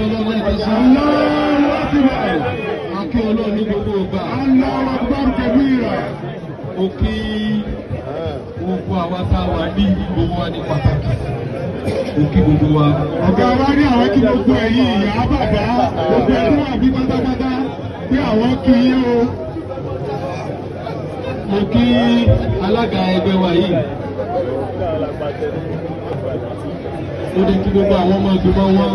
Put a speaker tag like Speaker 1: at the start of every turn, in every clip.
Speaker 1: kí ọlọ́run ẹ̀jẹ̀ sí. aláwọ̀ àtìmọ̀. a kí ọlọ́run ní gbogbo ọgbà. aláwọ̀ gbàgbé wíra.
Speaker 2: ó kí gbogbo àwa tá a wà ní gbogbo wa ní pàtàkì. ó kí gbogbo wa. ọ̀gá wa ní àwọn kí gbogbo ẹ̀yin ìyá bàbá gbogbo ẹ̀rọ àbí pátápátá pé àwọn kì í o. mo alága ẹgbẹ́ wa yìí ó dé kí gbogbo àwọn ọmọ ìgbìmọ̀ wọn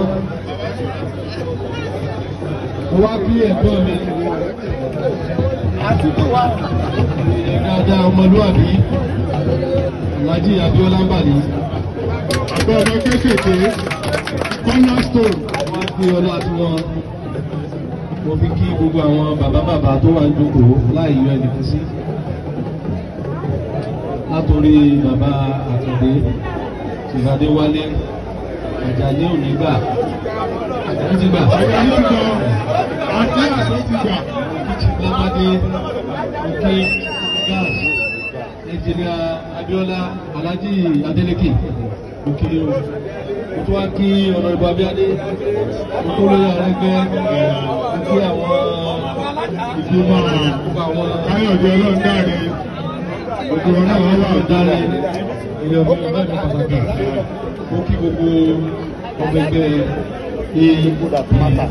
Speaker 2: mo wá bí ẹ̀gbọ́n mi àti tó wá dáadáa ọmọlúwàbí Alhaji Abiola Bali ọ̀pọ̀ ọmọ kéékèèké cornerstone wá gbé ọlá tí wọ́n mo fi kí gbogbo àwọn bàbá bàbá tó wà ń jókòó láì yọ ẹnìkan sí látòrí bàbá àtúndé tìhádéwálé àjàlẹ́ òní gbà
Speaker 1: àjàlẹ́ ti gbà. àjàlẹ́ ti gbà àti àjọ ti gbà. ìtìgbàmọdé òkè gáàsì
Speaker 2: ẹnjìnìà Abíọ́lá Alhaji Adeleke òkè o òtún wá kí ọ̀nà ìbò abíadé òtún lórí ààrẹ gbẹ òkè àwọn ìgbìmọ̀ àwọn. káyọ̀dé ọlọ́run dáre òkúrò náà wọ́n wà dálé ilé ọmọ ẹgbẹ́ mi pàtàkì ó kí gbogbo ọmọ ẹgbẹ́ yìí.